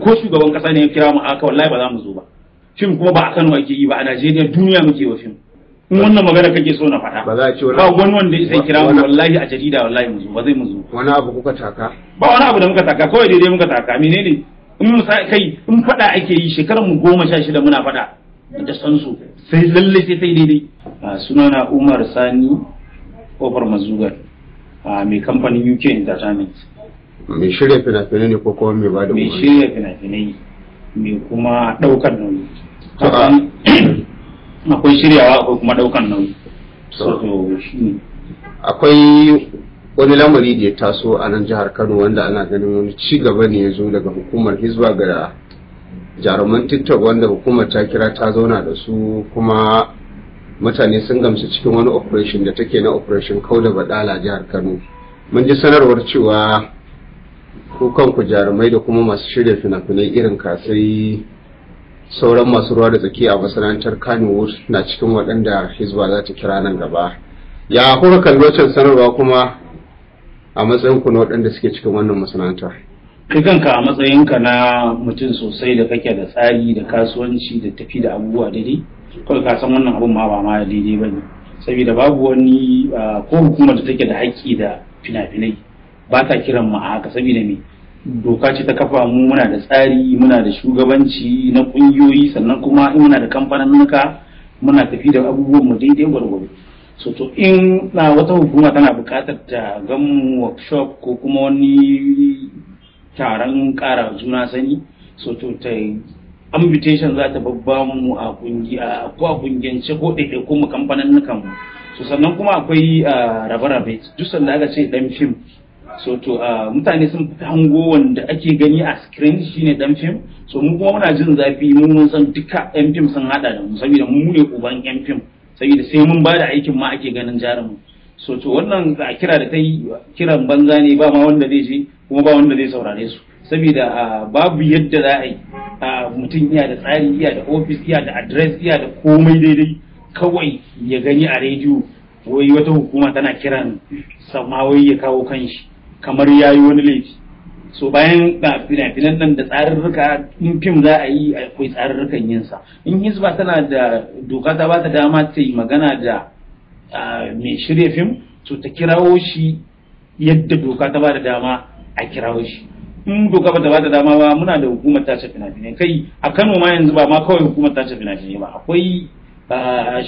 ko shugaban kasa ne ya kira mu aka wallahi ba za mu zo ba fim kuma ba a Kano ake yi ba a Najeriya duniya muke wa fim in wannan magana kake so na fada. ba za a ce ba wani wanda ya kira mu wallahi a jarida wallahi mu zo ba zai mu zo wani abu kuka taka ba wani abu da muka taka kawai daidai muka taka menene in kai in faɗa ake yi shekarar mu goma sha shida muna fada da san su sai lalle sai sai daidai ah, sunana Umar Sani Kofar Mazugar ah, mai kamfanin UK Entertainment mai shirya fina-finai ne ko kuma mai ba da mai shirya fina-finai mai kuma ɗaukar nauyi akwai shiryawa akwai kuma ɗaukar nauyi akwai wani lamari da ya taso a nan jihar kano wanda ana ganin wani ci gaba ne ya zo daga hukumar hizba ga jaruman tiktok wanda hukumar ta kira ta zauna da su kuma mutane sun gamsu cikin wani operation da take na operation kau da badala jihar kano mun ji sanarwar cewa ko kanku jarumai da kuma masu shirya fina-finai irin kasai sauran masu ruwa da tsaki a masana'antar kanewood na cikin waɗanda hizba za ta kira nan gaba ya kuma kallocin sanarwa kuma a matsayinku na waɗanda suke cikin wannan masana'anta kai kanka a matsayinka na mutum sosai da kake da tsari da kasuwanci da tafi da abubuwa daidai kawai ka san wannan abun ma ba ma daidai ba ne saboda babu wani ah, ko hukumar da take da haƙƙi da fina-finai ba ta kiran mu a haka saboda me doka ce ta kafa mu muna da tsari muna da shugabanci na kungiyoyi sannan kuma in muna da kamfaninnuka muna tafi da abubuwan mu daidai gwargwaro so to in na wata hukuma tana buƙatar ta gan workshop ko kuma wani taron ƙara juna sani so to ta invitation za ta babba mu a kungiya ko a kungiyance ko ɗaiɗai ko mu mu sannan kuma akwai rabe-rabe duk sanda aka ce dan fim so to uh, mutane sun fi hango wanda ake gani a screen shine dan fim so mu kuma muna jin zafi mu mun san duka yan fim sun hada da mu saboda mu ne uban yan fim saboda sai mun ba da aikin ma ake ganin jarumin so to wannan a kira da ta kiran banza ne ba ma wanda zai je kuma ba wanda zai saurare su saboda uh, babu yadda za a yi uh, mutum iya da tsari iya da ofis iya da adres iya da komai daidai kawai ya gani a rediyo wai wata hukuma tana kiran samawai ya kawo kanshi kamar ya yi wani laifi so bayan ga filafilan nan da tsarurruka in fim za a yi akwai tsarurrukan yinsa in hisba tana da doka ta bata dama ta yi magana da mai shirya fim to ta kirawo shi yadda doka ta bada dama a kirawo shi in doka bata bada dama ba muna da hukumar tace fina kai a Kano ma yanzu ba ma kawai hukumar tace fina ba akwai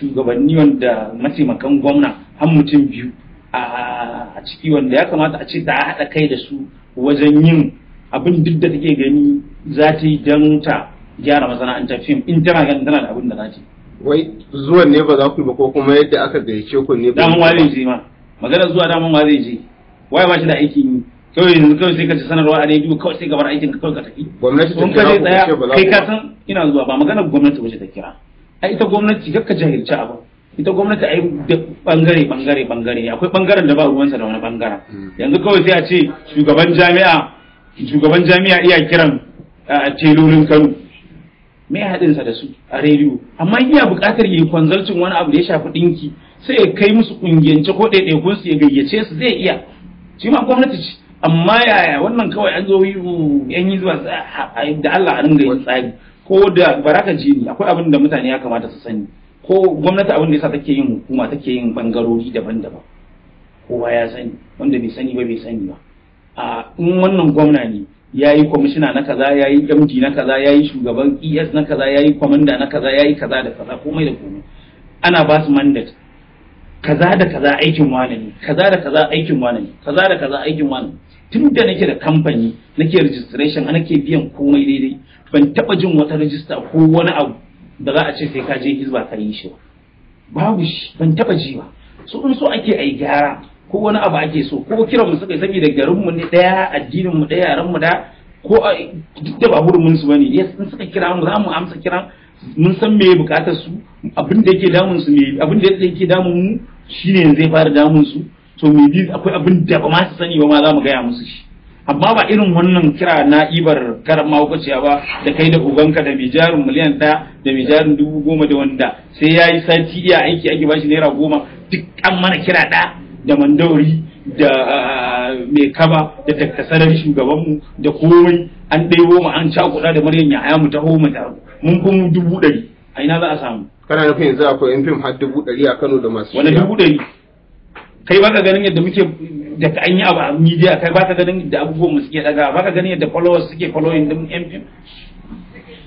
shugabanni wanda mataimakan gwamna har mutum biyu a ciki wanda ya kamata a ce a haɗa kai da su wajen yin abin duk da take gani za ta yi don ta gyara masana'antar fim in tana ganin tana da abin da za ta wai zuwan ne ba za ku yi ba ko kuma yadda aka gayyace ku ne daman wa zai je ma maganar zuwa daman wa zai je waye ba shi da aikin yi kawai yanzu kawai sai ka ci sanarwa a rediyo kawai sai gabar aikin ka kawai ka tafi gwamnati ta kira ku kai ka san ina zuwa ba maganar gwamnati ba ta kira ai ita gwamnati kakka jahilci abin ita gwamnati a yi da bangare bangare bangare akwai bangaren da ba ruwansa da wani bangaren hmm. yanzu kawai sai a ce shugaban jami'a shugaban jami'a iya kiran telolin kano me haɗinsa da su a rediyo amma iya buƙatar yi kwanzalcin wani abu da ya shafi ɗinki sai ya kai musu ƙungiyance ko ɗaiɗaikun su ya gayyace su zai iya shi ma gwamnati ce amma yaya wannan kawai an zo yi yan yi zuwa da Allah a ringa yin tsari ko da baraka jini akwai abin da mutane ya kamata su sani ko gwamnati abin da yasa take yin hukuma take yin bangarori daban-daban kowa ya sani wanda bai sani ba bai sani ba a in wannan gwamna ne ya yi kwamishina na kaza ya yi md na kaza ya yi shugaban es na kaza ya yi kwamanda na kaza ya yi kaza da kaza komai da komai ana ba su mandate kaza da kaza aikin wane ne kaza da kaza aikin wane ne kaza da kaza aikin wane ne tun da nake da kamfani nake registration nake biyan komai daidai ban taba jin wata register ko wani abu da za a ce sai ka je hizba ka yi shi babu shi ban taba ji ba su in so ake ayi gyara ko wani abu ake so ko kiran mu suka saboda garin mu ne daya addinin mu daya yaran mu da ko duk da ba mun su bane yes in suka kira mu za mu amsa kiran mun san me bukatar su abin da yake damun su me abin da yake damun mu shine zai fara damun su to me akwai abin da ba ma su sani ba ma za mu gaya musu shi amma ba irin wannan kira na ibar karan mahaukaciya ba da kai da ubanka da mai jarin miliyan ɗaya da mai jarin dubu goma da wanda sai ya yi sati iya aiki ake bashi naira goma duk an mana kira ɗa da mandauri da ah, mai kaba da takkasarar shugabanmu da komai an ɗaiwo mu an cakuɗa da maryam ya haya mu taho mu taro mun kun dubu ɗari a ina za a samu kana nufin yanzu akwai yan fim har dubu ɗari a kano da masu wani dubu ɗari kai ba ka ganin yadda muke daga an yi abu a media kai ba ka ganin da abubuwan mu suke daga ba ka ganin yadda followers suke following din MP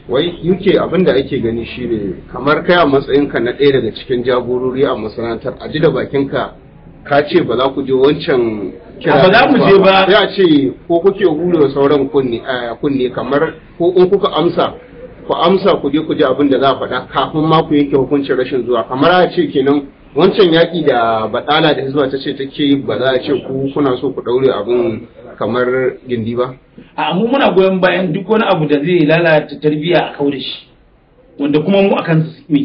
wai UK abin da ake gani shine kamar kai a matsayinka na ɗaya daga cikin jagorori a masana'antar a ji da bakinka ka ce ba za ku je wancan kira ba za mu je ba ya ce ko kuke hure sauran kunne kunni kamar ko in kuka amsa ku amsa ku je ku ji abin da za a faɗa kafin ma ku yanke hukuncin rashin zuwa kamar a ce kenan wancan yaƙi da baɗala da hizba ta ce take ba za a ce ku kuna so ku ɗaure abin kamar gindi ba a mu muna goyon bayan duk wani abu da zai lalata tarbiyya a kau da shi wanda kuma mu akan su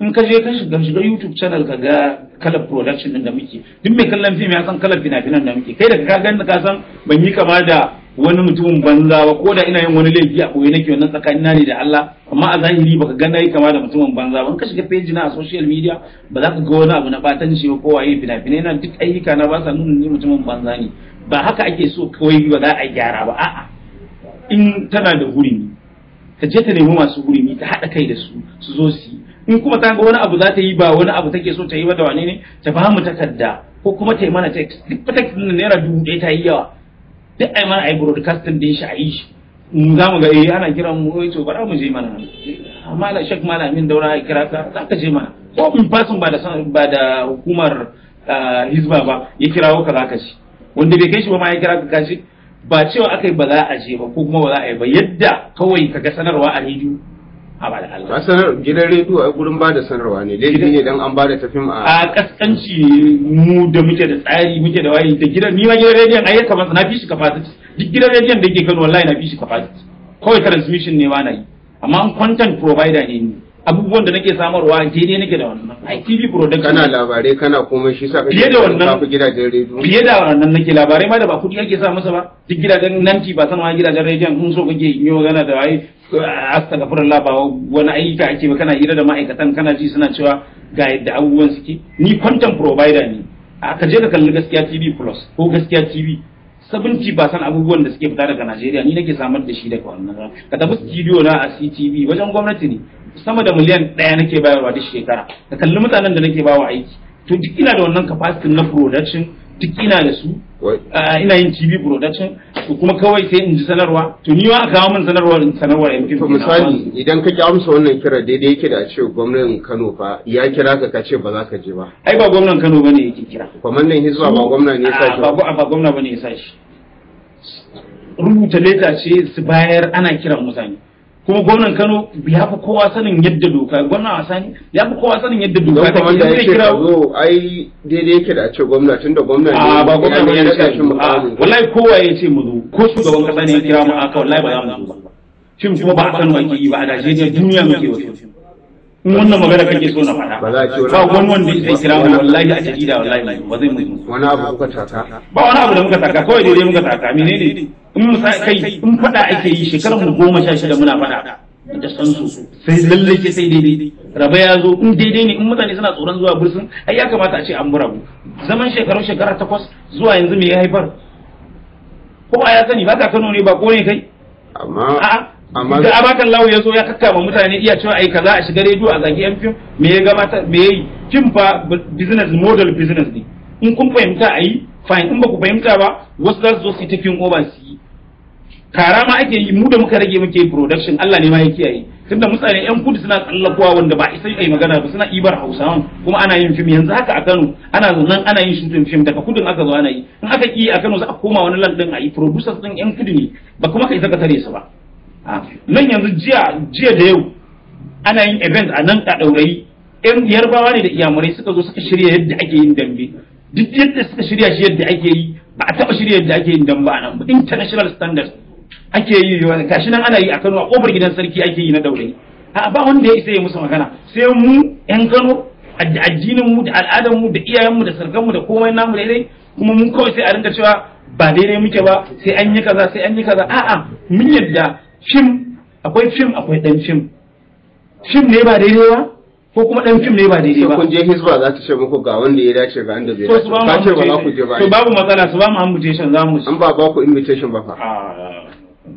in ka je ka shiga shiga YouTube channel ka ga kalab production din da muke duk mai kallon fim ya san kalar fina-finan da muke kai daga ka gani ka san ban yi kama da wani mutumin banza ba ko da ina yin wani laifi a koyi nake wannan tsakanin na ne da Allah amma a zahiri baka ga nayi kama da mutumin banza ba in ka shiga page na a social media ba za ka ga wani abu na batanci ba ko waye fina-finai na duk ayyuka na ba sa nuna ni mutumin banza ne ba haka ake so kawai ba za a gyara ba a'a in tana da hurumi ta je ta nemi masu hurimi ta haɗa kai da su su zo su in kuma ta ga wani abu za ta yi ba wani abu take so ta yi ba da wane ne ta ba mu takarda ko kuma ta yi mana text duk text naira dubu ɗaya ta yi yawa duk ai mana ai broadcasting din shi a yi shi za mu ga eh ana kiran mu eh to bara mu je mana amma la shek malamin daura ya kira ka za ka je mana ko in fasin ba da ba da hukumar ah, hizba ba ya kirawo ka za ka ci wanda bai kai shi ba ma ya kira ka kashi ba cewa akai ba za a je ba ko kuma ba za a yi ba yadda kawai ka ga sanarwa a rediyo a sanar gidan rediyo a gurin ba da sanarwa ne laifi ne dan an ba da tafim a a kaskanci mu da muke da tsari muke da wayi da gidan ni ma gidan rediyon ai kamar na fi shi capacity duk gidan rediyon da yake Kano wallahi na fi shi capacity kawai transmission ne ma na yi amma an content provider ne ni abubuwan da nake samarwa daidai nake da wannan ai TV production kana labarai kana komai shi sa fiye da wannan gidajen rediyo fiye da wannan nake labarai ma da ba kudi ake sa masa ba duk gidajen nanti ba sanarwa gidajen rediyon in so kake yi gana da waye astagfirullah ba wani ayyuka ake ba kana hira da ma'aikatan kana ji suna cewa ga yadda abubuwan suke ni content provider ne ka je ka kalli gaskiya TV plus ko gaskiya TV sabunci ba san abubuwan da suke fita daga Najeriya ni nake samar da shi daga wannan ka tafi studio na a CTV wajen gwamnati ne sama da miliyan ɗaya nake bayarwa duk shekara ka kalli mutanen da nake bawa aiki to duk ina da wannan capacity na production duk ina da su ah, ina yin TV production kuma kawai sai in ji sanarwa to ni ma a kawo min sanarwa in sanarwa in to misali idan ka ki amsa wannan kira daidai yake da a ce gwamnatin Kano fa ya kira ka ka ce ba za ka je ba ai ba gwamnan Kano bane yake kira kwamandan Hizba ba gwamna ne ya shi ah, ba ba gwamna bane ya shi. rubuta leta ce su bayar ana kiran mutane kuma gwamnan Kano ya fi kowa sanin yadda doka gwamnan Asani ya fi kowa sanin yadda doka ta ke zai kira zo ai daidai yake da ce gwamna tunda gwamna ne ah, ba gwamna ne ya shi ah, mu wallahi kowa ya ce mu zo ko shugaban kasa ne ya kira mu aka wallahi ba za mu zo ba shin kuma ba a Kano ake yi ba a ne duniya muke wato in wannan magana kake so na faɗa ba wani wanda zai kira mu wallahi a jarida wallahi ba zai mu wani abu kuka taka ba wani abu da muka taka kawai daidai muka taka menene in musa kai in faɗa ake yi shekarar mu goma sha shida muna faɗa da san su sai lalle ke sai daidai raba ya zo in daidai ne in mutane suna tsoron zuwa bursun ai ya kamata a ce an burabu zaman shekaru shekara takwas zuwa yanzu me ya haifar ko a ya sani baka kano ne ba ko ne kai amma amma da abakan lawo ya zo ya kakkama mutane iya cewa ai kaza a shiga rediyo a zagi yan fim me ya gamata me yayi kin fa business model business ne in kun fahimta ayi fine in ba ku fahimta ba wasu za su zo su yi ta over su kara ma ake yi mu da muka rage muke production Allah ne ma ya kiyaye tunda mutane yan kudu suna tsallakowa wanda ba isa ai magana ba suna ibar hausawan kuma ana yin fim yanzu haka a Kano ana zaunan ana yin shooting fim daga kudin aka zo ana yi in aka ki a Kano za a koma wani land din a yi producers din yan kudu ne ba kuma kai zaka tare su ba nan yanzu jiya jiya da yau ana yin event a nan a daurayi yan yarbawa ne da iyamurai suka zo suka shirya yadda ake yin dambe duk yadda suka shirya shi yadda ake yi ba a taba shirya yadda ake yin dambe a nan international standards ake yi wani gashi nan ana yi a Kano a kofar gidan sarki ake yi na daure a ba wanda ya isa ya musu magana sai mu yan Kano addinin mu da al'adar mu da iyayen mu da sarkan mu da komai namu daidai kuma mun kawai sai a rinka cewa ba daidai muke ba sai an yi kaza sai an yi kaza a'a mun yadda fim akwai fim akwai dan fim fim ne ba daidai ba ko kuma dan fim ne ba daidai ba kun je hisba za ta ce muku ga wanda ya dace ga inda bai ba ce ba za ku je ba to babu matsala su ba mu invitation za mu an ba ba ku invitation ba fa ah.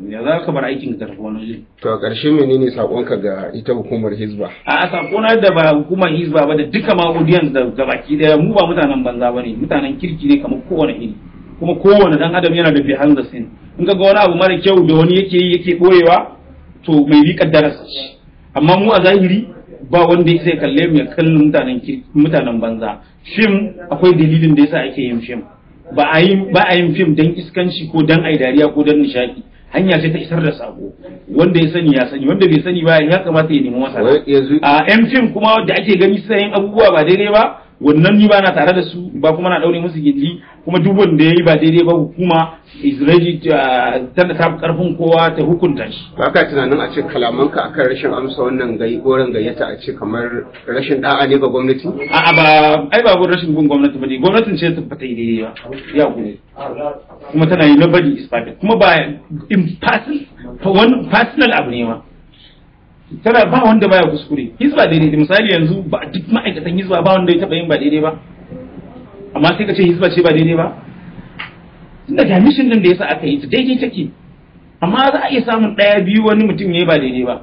ya za ka bar aikin ka tafi wani waje. To a ƙarshe menene saƙonka ga ita hukumar Hizba? A saƙona da ba hukumar Hizba ba da duka ma audience da gabaki daya mu ba mutanen banza ba ne mutanen kirki ne kamar kowane iri kuma kowane dan adam yana da behind the scene in ka ga wani abu mara kyau da wani yake yi yake boyewa to mai riƙar darasa ce amma mu a zahiri ba wanda ya sai kalle mu ya kalli mutanen mutanen banza fim akwai dalilin da yasa ake yin fim ba a yin ba a yin fim dan iskanci ko dan ayi dariya ko dan nishaɗi. hanya ce ta isar da sako wanda ya sani ya sani wanda bai sani ba ya kamata ya nemi masa a yan fim kuma da ake gani sayan abubuwa ba daidai ba wannan ni ba na tare da su ba kuma na daure musu gindi kuma duk wanda yayi ba daidai ba hukuma is ready uh, tana ta karfin kowa ta hukunta shi ba ka tunanin a ce kalaman ka akan rashin amsa wannan gai goren gayyata a ce kamar rashin da'a ne ga gwamnati a'a ba ai ba rashin gun gwamnati ba ne, gwamnatin ce ta fata daidai ba ya gure kuma tana yi nobody is perfect kuma ba in personal abu ne ma tana ba wanda baya kuskure hizba daidai da misali yanzu ba duk ma'aikatan hizba ba wanda ya taba yin ba daidai ba amma sai ka ce hizba ce ba daidai ba Tun da mission din da yasa aka yi ta daidai take amma za a iya samun daya biyu wani mutum ne ba daidai ba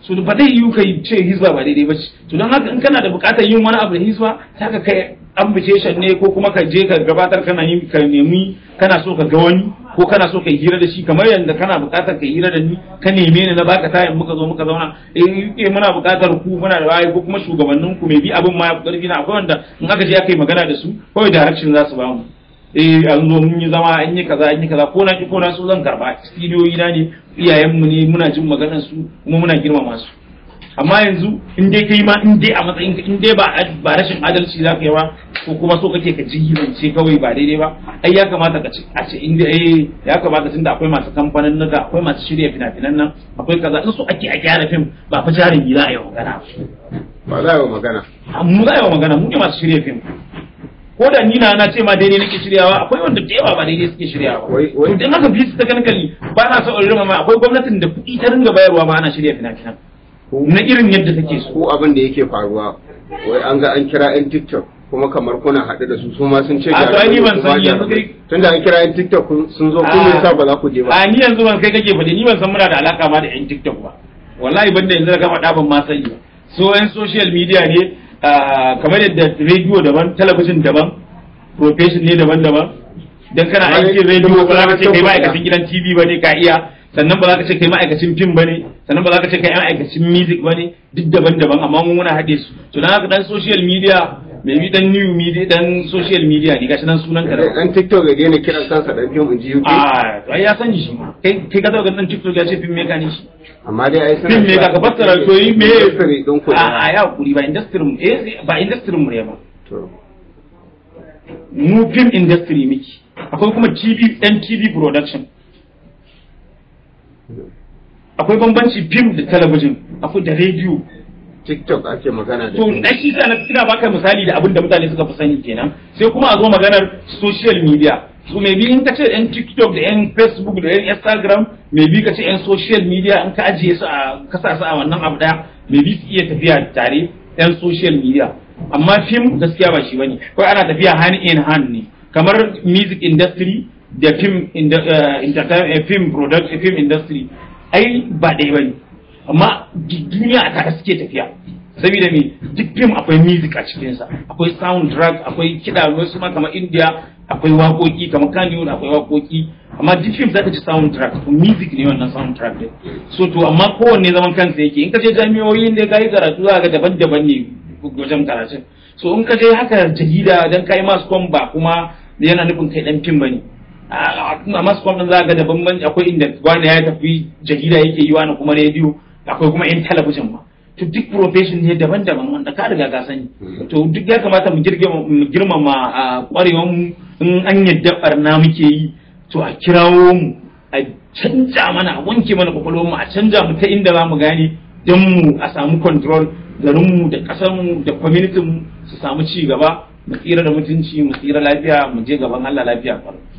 so ba zai yiwu ka ce hizba ba daidai ba ce to don haka in kana da bukatar yin wani abu da hizba ta ka kai ambition ne ko kuma ka je ka gabatar kana yi ka nemi kana so ka ga wani ko kana so kai hira da shi kamar yadda kana buƙatar kai hira da ni ka neme ni na baka tayin muka zo muka zauna eh, eh muna buƙatar ku muna da wayi ko kuma shugabannin ku mai bi abin ma ya ƙarfi na akwai wanda in aka je aka yi magana da su kawai direction za su ba mu eh an zo mun yi zama an yi kaza an yi kaza ko na ki ko na so zan karba studiyoyi na ne iyayen mu ne muna jin maganar su kuma muna girmama su amma yanzu in dai kai ma in dai a matsayin in dai ba ba rashin adalci za ka yi ba ko kuma so kake ka jihilance kawai ba daidai ba ai ya kamata ka ce a ce in dai eh, ya kamata tunda akwai masu kamfanin nuka akwai masu shirya fina-finan nan akwai kaza in so ake a gyara fim ba fa jarin za a yi magana ba za a yi magana mu za a yi magana mu ne masu shirya fim ko da ni na ce ma daidai nake shiryawa akwai wanda da yawa ba daidai suke shiryawa to in haka fi su ta kankali ba na so in rima ma akwai gwamnatin da kuɗi ta ringa bayarwa ma ana shirya fina-finan na irin yadda take so ko abin da yake faruwa wai an ga an kira yan tiktok kuma kamar kuna haɗu da su su ma sun ce a to ni ban san yanzu kai tun da an kira yan tiktok sun zo kun yasa ba za ku je ba a ni yanzu ban kai kake faɗi ni ban san muna da alaka ma da yan tiktok ba wallahi banda yanzu da ka faɗa ban ma sani ba so yan social media ne kamar yadda radio daban talabijin daban profession ne daban daban dan kana aikin radio ba za ka ce kai ba aikacin gidan tv ba ne ka iya sannan ba za ka ce kai ma'aikacin fim bane sannan ba za ka ce kai ma'aikacin music bane duk daban-daban amma mun muna haɗe su to na haka dan social media mai bi dan new media dan social media ne gashi nan sunan ka da dan tiktok ga gane kiran kansa dan fim inji ji ah to ai ya san shi kai kai ka ga dan tiktok ya ce fim maker ne shi amma dai ai san fim maker ka fassara to yi me industry don ku a ah, ya kuri ba industry mu eh ba industry mu ne ba to mu fim industry miki akwai kuma TV dan TV production akwai bambanci fim da talabijin akwai da rediyo TikTok ake magana da to na shi sa ina baka misali da abin da mutane suka fi sani kenan sai kuma a zo maganar social media so maybe in ka ce yan TikTok da yan Facebook da yan Instagram maybe ka ce yan social media in ka ajiye su a kasa su a wannan abu daya maybe su iya tafiya tare yan social media amma fim gaskiya ba shi ba ne. kawai ana tafiya hand in hand ne kamar music industry da film uh, uh, film product uh, film industry ai ba ɗaya bane amma duniya a tare suke tafiya saboda me duk film akwai music a cikinsa akwai soundtrack akwai kiɗa wasu ma kamar india akwai waƙoƙi kamar kanyewar akwai waƙoƙi amma duk film zaka ji soundtrack ko music ne wannan soundtrack din so to amma kowanne zaman kansa yake in ka je jami'o'i ne ka karatu za daban-daban ne wajen karatu. so in ka je haka jarida dan kai masu kwamba kuma yana nufin kai dan fim bane a masu kwamfan za ga daban banci akwai inda wani ya tafi jarida yake yi wani kuma rediyo akwai kuma yan talabijin ma to duk profession ne daban-daban wanda ka riga ka sani hmm. to duk ya kamata mu girmama a kwarewan mu in an yadda barna muke yi to a kirawo mu a canja mana a wanke mana kwakwalwar mu a canja mu ta inda za mu gane dan mu a samu control garinmu da mu da community mu, su samu ci gaba mu tsira da mutunci mu tsira lafiya mu je gaban Allah lafiya kwarai